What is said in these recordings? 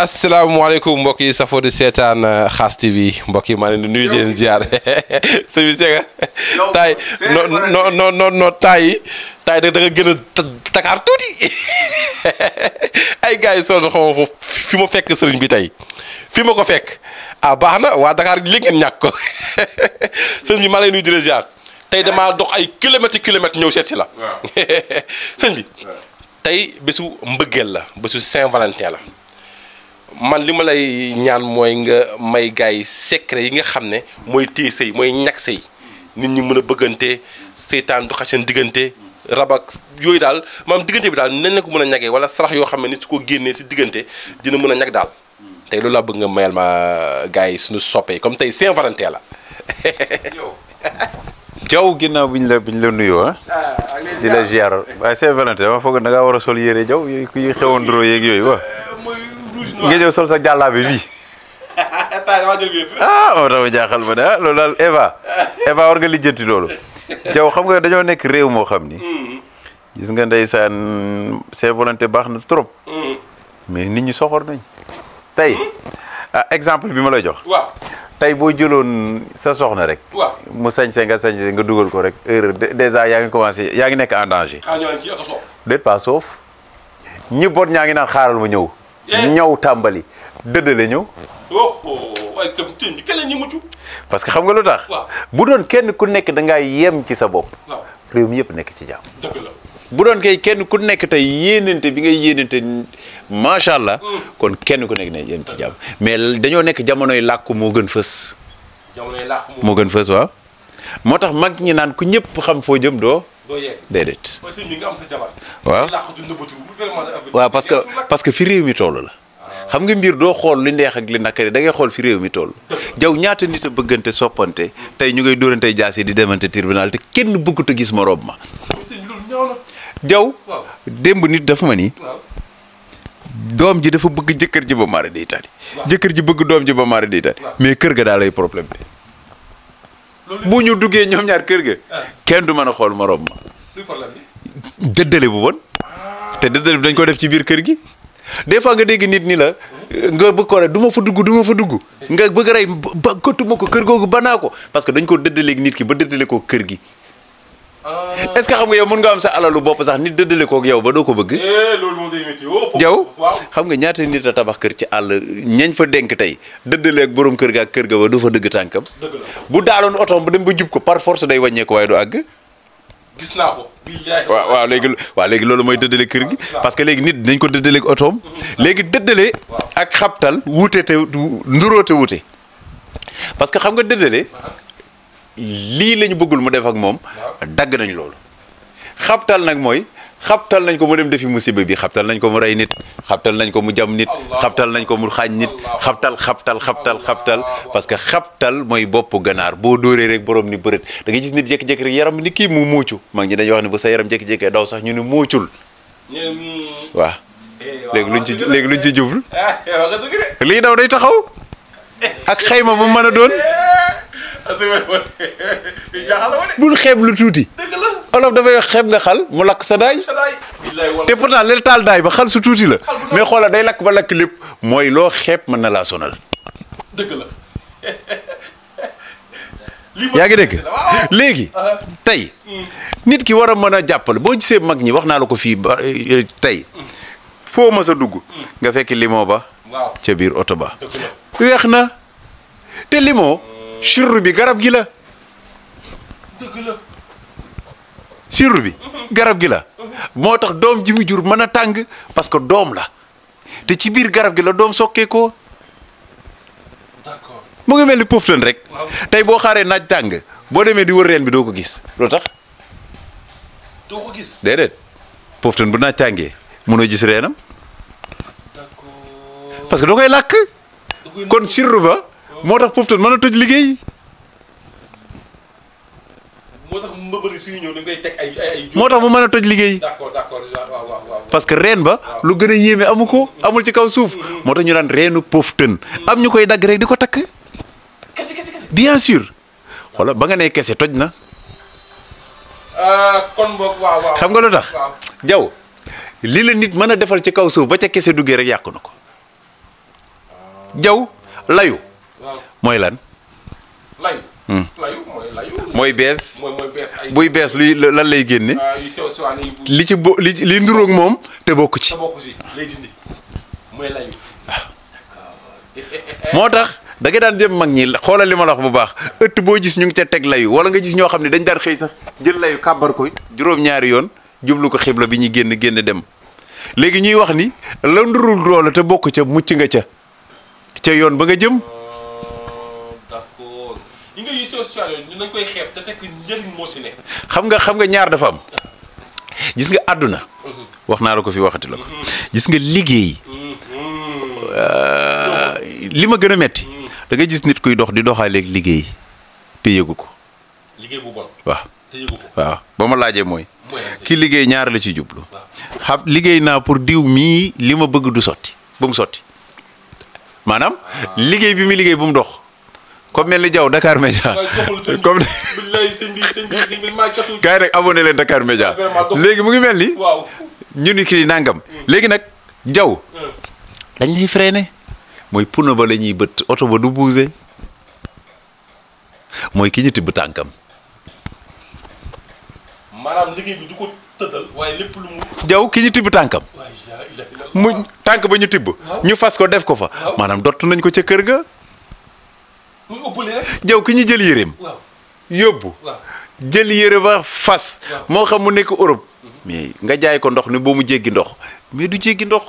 asalaamaaleykum mbokk yi safoo di seetaan xaas euh, TV mbokk yi maa leen di nuyu ziar gën a Dakar tuuti ay gars fekk sëriñ bi tey fi ma ko fekk ah, baax na waa Dakar li maa leen nuyu tey damaa dox ay kilomètres kilomètres ñëw seet si bésu mbëggeel la bésu Saint-Valentin la. man li ma lay ñaan mooy nga may gaay yi secret yi nga xam ne mooy téye sëy mooy ñàkk sëy nit ñi mën a bëggante seytaan du xasan diggante rab ak yooyu daal maanaam diggante bi daal nañ la ko mën a ñagee wala sarax yoo xam ne nit su ko génnee si diggante dina mën a ñag daal tey loolu laa bëgg nga mayal ma gars yi suñu soppee comme tey Saint-Valentin la jaw ginnaaw bi ñu la bi ñu la nuyoo ah. Ah, di la ziar waaye Saint-Valentin ma foog na war a sol yére jaw yi xewoon doro yeeg yooyu wa nga ñëw sol sa jàllaabe bi ah moo tax ma jaaxal ma ne ah loolu daal Eva Eva war nga lijjanti loolu jaw xam nga dañoo nekk réew moo xam ni mm-hmm. gis nga ndeysaan c'est volonté baax na trop mm-hmm. mais nit ñu soxor nañ tey mm-hmm. ah, exemple bi ma lay jox waaw tey boo jëloon sa soxna rek mu sañ sañse nga sañse nga dugal ko rek heure déjà yaa ngi commencé yaa ngi nekk en danger déet pas sauf ñi bot ñaa ngi naan xaaral ma ñëw ñaw tàmbali dëddale ñëw. parce que xam nga lu tax. bu doon kenn ku nekk da ngaa yem ci sa bopp. réew mi yëpp nekk ci jàmm. bu doon kay kenn ku nekk tey yéenante bi ngay yéenante macha allah. Mm. kon kenn ku nekk ne yéen ci jàmm mais dañoo nekk jamonoy làkku moo gën fës. jamonoy làkku moo gën fës waaw. moo tax mag ñi naan ku ñëpp xam foo jëm doo. doo yegg déedéet. mooy sëñ bi am sa jabar. waaw que parce que fi réew mi toll la. Ah. xam nga mbir doo xool li neex ak li nakari da ngay xool fi réew mi toll. jaw ñaata nit a bëggante soppante tey ñu ngay dóorante jaas yi di demante tribunal te kenn bëggut a gis morom ma. jaw démb nit dafa ma ni. doom ji dafa bëgg jëkkër ji ba mara day tali. jëkkër ji bëgg doom ji ba mara day tali. mais kër ga daa problème bi. bu ñu duggee ñoom ñaar kër ga. kenn du mën a xool morom ma. luy problème bi. dëddale bu bon. te dëddale bi dañ ko def ci biir kër gi. des fois nga dégg nit ni la. nga bëgg ko rek du fa dugg du ma fa dugg. nga bëgg rey ba kottuma ko kër googu banaa ko parce que dañ ko dëddaleeg nit ki ba dëddale ko kër gi. Euh, est-ce que xam nga yow mën nga am sa alalu bopp sax nit dëddale kook yow ba doo ko bëgg. Eh, loolu moom oh, xam nga ñaata nit a tabax kër ci àll ñañ fa denk tey dëddaleeg borom kër ga ak kër ga ba du fa dëgg tànkam. bu daaloon otoom ba dem ba jub ko par force day wàññeeku waaye du àgg. naa ko. waaw waaw léegi waaw léegi loolu mooy dëddale kër gi parce que léegi nit dañ ko dëddaleeg otoom. léegi dëddale. ak xabtal wuute te nduroote wuute parce que xam nga dëddale uh-huh. lii la ñu bëggul mu def ak moom dagg nañ loolu xabtal nag mooy xabtal nañ ko mu dem defi musiba bi xaptal nañ ko mu rey nit xabtal nañ ko mu jam nit xaptal nañ ko mu xaañ nit xabtal xabtal xabtal xabtal parce que xaptal mooy bopp ganaar boo dooree rek borom ni bërët da jis nit jékki-jékki rek yaram ni kii mu muucu mag ñi dañuy wax ne bu sa yaram jekk jékkee daw sax ñu ne muucul eh, waaw léegi luñ ci luñ ci jublu eh, lii daw day taxaw ak xayma bu mën a doon eh, bul xeeb lu tuuti. olof dafay wax xeeb nga xal mu lakk sa daay. te pourtant li taal daay ba xal su tuuti la. mais xoola day lakk ba lakk lépp mooy loo xeeb mën na laa sonal. dëgg la. yaa ngi dégg léegi ah. tey hmm. nit ki war a mën a jàppale boo gisee mag ñi wax naa la ko fii ba eh, tey hmm. foo ma sa dugg hmm. nga fekk limo ba ca biir oto ba weex na te limo sirru bi garab gi la. dëgg sirru bi. garab gi la. moo tax doom jimu jur mën a tàng parce que doom la te ci biir garab gi la doom sokkee ko. d'accord mu ngi mel ni puuf rek. tey boo xaaree naaj tàng boo demee di wër reen bi doo ko gis loo tax. doo ko gis déedéet puuf bu naaj tàngee mënoo gis reenam. parce que doo koy làkk. kon sirru ba. moo tax poftan mën a toj liggéey. moo tax mu moo tax mu mën a toj liggéey. d'accord parce que reen ba. lu gën a yéeme amu ko mm-hmm. amul ci kaw suuf. Mm-hmm. moo tax ñu daan reenu poftan. Mm-hmm. am ñu koy dagg rek di ko takk. kese kese bien sûr. xoolal ba nga nee kese toj na. Euh, kon waaw xam nga lu tax. jaw li la nit mën a defal ci kaw suuf ba ca kese duggee rek yàqu ko. Ah. jaw layu mooy lan. layu. Hmm. mooy bees. ay buy bees luy lan lay génne. Ah, li ci bo li li nduróog moom te bokk ci. te bokk ci lay ah. moo tax danga daan jëm mag ñi xoolal li ma la bu baax ëtt boo gis ñu ngi ca teg layu wala nga gis ñoo xam ne dañ daan xëy sax jël layu kàbbar ko juróom-ñaari yoon jublu ko xibla bi ñuy génn génn dem léegi ñuy wax ni la ndurul loola te bokk ca mucc nga ca ca yoon ba nga jëm. réseaux xam nga xam nga ñaar dafa am ah. gis nga àdduna. Mm-hmm. wax naa la ko fi waxati la ko. Mm-hmm. gis nga liggéey. Mm-hmm. li ma gën a metti danga gis nit kuy dox di doxaaleeg liggéey te yëgu ko. liggéey bu bon waaw. ba ma laajee mooy. ki liggéey ñaar la ci jublu. xam liggéey naa pour diw mii li ma bëgg du sotti ba mu sotti maanaam ah. liggéey bi mu liggéey bu mu dox. comme mel ni Diaw Dakar Média comme gars yi nag abonné leen Dakar Média léegi mu ngi mel ni ñu ni kii nangam hmm. léegi nag Diaw hmm. dañ lay freiné mooy pneu ba la ñuy bëtt oto ba du bougé mooy ki ñu tibb tànkam. maanaam liggéey lu mu. Diaw ki ñu tibb tànkam. mu tànk ba ñu tibb. ñu fas ko def ko fa. maanaam dott nañ ko ca kër ga. jaw ki ñu jël yéreem yóbbu jël yére a fas moo xam mu nekk Europe mhm. mais nga jaay ko ndox ni boo mu jéggi ndox mais du jéggi ndox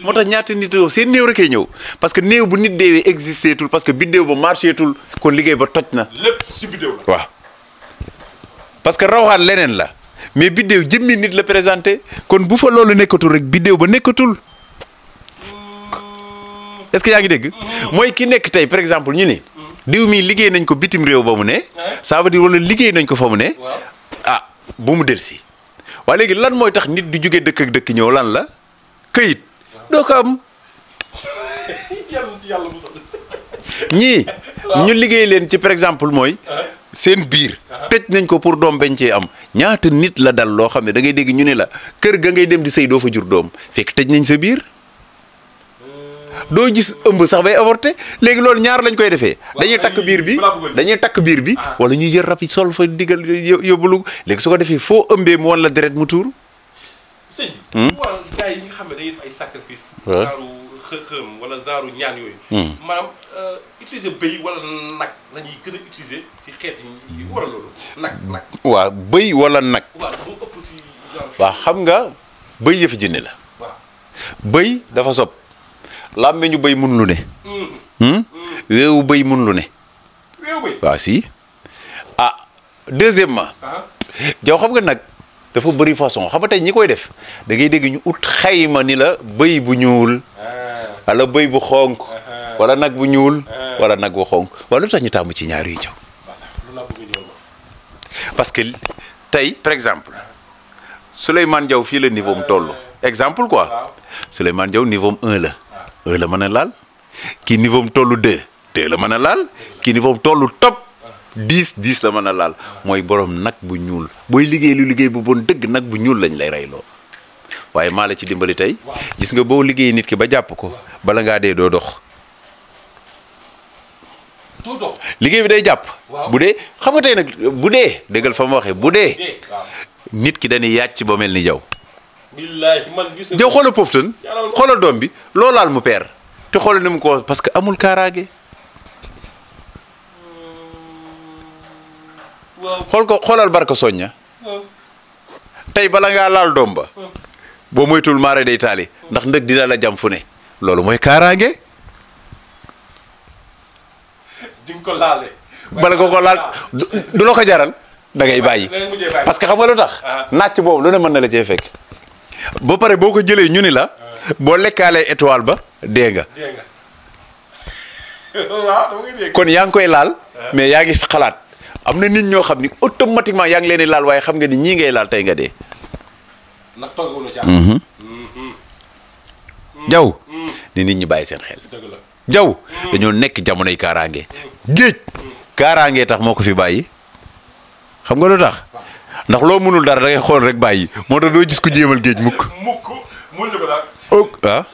moo tax ñaata nit seen néew rek ay ñëw parce que néew bu nit deewee existé tul parce que biddéew ba marché tul kon liggéey ba toj na. lépp si biddéew la. waaw parce que rawaxaan leneen la mais biddéew jëmmi nit la présenté kon bu fa loolu nekkatul rek biddéew ba nekkatul mm. est-ce que yaa ngi dégg. Mm-hmm. mooy ki nekk tey par exemple ñu ni diw mii liggéey nañ ko bitim réew ba mu ne ça veut wala liggéey nañ ko fa mu ne ah bu mu delsi waaye léegi lan mooy tax nit di jóge dëkk ak dëkk ñëw lan la këyit doo ko am ñii ñu liggéey leen ci par exemple mooy seen biir tëj nañ ko pour doom bañ cee am ñaata nit la dal loo xam ne dangay dégg ñu ne la kër ga ngay dem di sëy doo fa jur doom fekk tëj nañ sa biir doo gis ëmb sax bay avorté léegi loolu ñaar lañ koy defee dañuy takk biir bi dañuy ah. takk biir bi wala ñuy jël rab sol fa diggal yóbbulu léegi su ko defee foo ëmbee mu woon la deret mu tuur sëñ hmm? xam ne dañuy ay sacrifice zaaru xëm ñaan yooyu hmm. maanaam euh, utiliser bëy wala nag la si xeet nag nag waaw bëy wala xam nga bëy yëf jinne la bëy dafa sob làmmiñu béy mun lu hmm? ne. réewu béy mun lu ne. réewu waaw si. a ah, deuxièmement. Ah ah. jaw xam nga nag dafa bëri façon xam nga tey ñi koy def da ngay dégg ñu ut xayma ni la béy bu ñuul. wala béy bu xonk. wala nag bu ñuul. wala nag bu xonk wala lu tax ñu tàmm ci ñaar yu jaw parce que tey par exemple Souleymane Diaw fii la niveau mu toll exemple quoi Souleymane Diaw niveau mu la. la mën a laal kii niveau am tollu deux deux la mën a laal kii tollu top dix dix la mën a laal mooy boroom nag bu ñuul booy liggéey lu liggéey bu bon dëgg nag bu ñuul lañ lay reyloo waaye maa la ci dimbali tey gis nga boo liggéey nit ki ba jàpp ko bala ngaa dee doo dox. liggéey bi day jàpp. bu dee xam nag bu dee dëggal fa ma waxee bu dee. nit ki dañuy yàcc ba mel ni yow. billaahi man gis nga. xoolal xoolal doom bi loolaal mu peer te xoolal ni mu ko parce que amul kaaraange. Hmm, xool ko xoolal barka soñña tey bala ngaa laal doom ba. boo moytul maare day taali ndax ndëg dina la jam fu ne. loolu mooy kaaraange. ko laalee. bala nga ko laal du la ko jaral da ngay bàyyi. parce que xam nga lu tax. Ah. naaj boobu lu ne mën na la cee fekk. boo pare boo ko jëlee ñu ni la boo lekkaalee étoile ba dee nga kon yaa ngi koy laal mais yaa ngi xalaat am na nit ñoo xam ni automatiquement yaa ngi leen laal waaye xam nga ni ñii ngay laal tey nga dee ndax toggunu ci mhm. Mhm. Mhm. ni nit ñi bàyyi seen xel jaw dañoo nekk jamonoy kaaraange géej kaaraange tax moo ko fi bàyyi xam nga lu tax ndax loo mënul dara da xool rek bàyyi moo tax doo gis ko jéemal géej mukk. mukk mënuñu ko daal.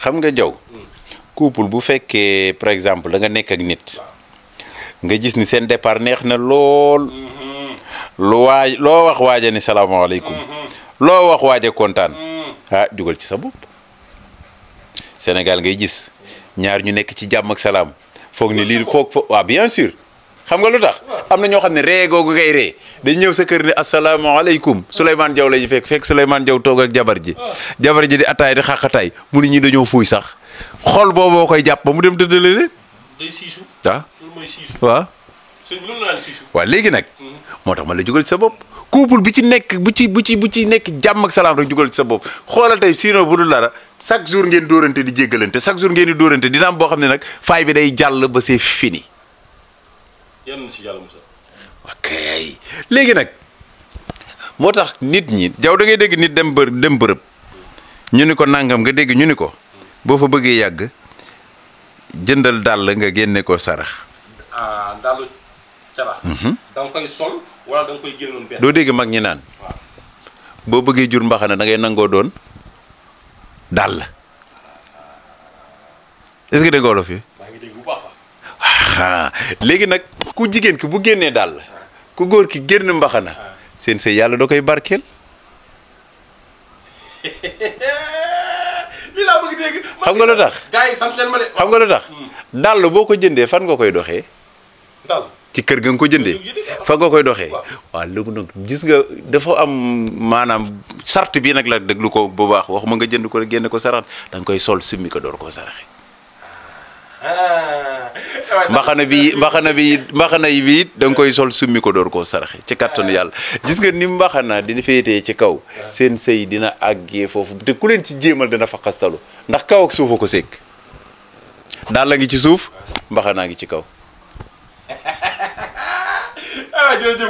xam nga jaw hmm. couple bu fekkee par exemple da nga nekk ak nit. nga gis ni seen départ neex na lool. Hmm. lu waay loo wax waaja ni salaamaaleykum. Hmm, loo wax waaje kontaan ah jugal ci sa bopp senegal ngay gis ñaar ñu nekk ci jàmm ak salaam foog ni lii foog foog waaw bien sûr xam nga lu tax am na ñoo xam ne ree googu ngay ree dañ ñëw sa kër ne asalaamaaleykum Souleymane Diaw la ñu fekk fekk Souleymane Diaw toog ak jabar ji jabar ji di ataay di xàqataay mu ne ñi dañoo fuuy sax xol booboo koy jàpp ba mu dem tëddale leen waa siisu ah. léegi nag mm-hmm. moo tax ma la jugal ci sa bopp couple bi ci nekk bu ci bu ci bu ci nekk jàmm ak salaam rek jugal ci sa bopp xoolal tey sinon bu dul dara chaque jour ngeen dóorante di jéggalante chaque jour ngeen di dóorante dina am boo xam ne nag faay bi day jàll ba c'est fini. si yàlla musal. léegi nag moo tax nit ñi jaw da dégg nit dem bër dem bërëb ñu ni ko nangam nga dégg ñu ni ko boo fa bëggee yàgg jëndal dàll nga génne ko sarax. ah wala da koy jël noonu doo dégg mag ñi naan boo bëggee jur mbaxana dangay nangoo doon dàll est-ce que dégg wolof yi léegi nag ku jigéen ki bu génnee dàll ku góor ki génn mbaxana seen sëy yàlla doo koy barkeel li laa bëgg xam nga lu tax gars sant xam nga lu tax hmm. dàll boo ko jëndee fan nga koy doxee ci kër ga nga ko jëndee fa koy doxee waa léegi nag gis nga dafa am maanaam sart bi nag la déglu ko bu baax waxuma nga jënd ko génne ko sarax da koy sol summi ko door koo saraxe ah. mbaxana bi mbaxana bi mbaxana bi it koy sol summi ko door koo saraxe ci kattanu yàlla gis nga ni mbaxana dina féetee ci kaw seen sëy dina àggee foofu te ku leen ci jéemal dana fa xastalu ndax kaw ak suufa ko sekk daal la ngi ci suuf mbaxanaa ngi ci kaw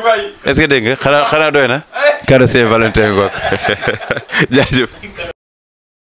waay est-ce que dégg nga xanaa xanaa doy na. Kado eh. Saint Valentin ko jaajëf.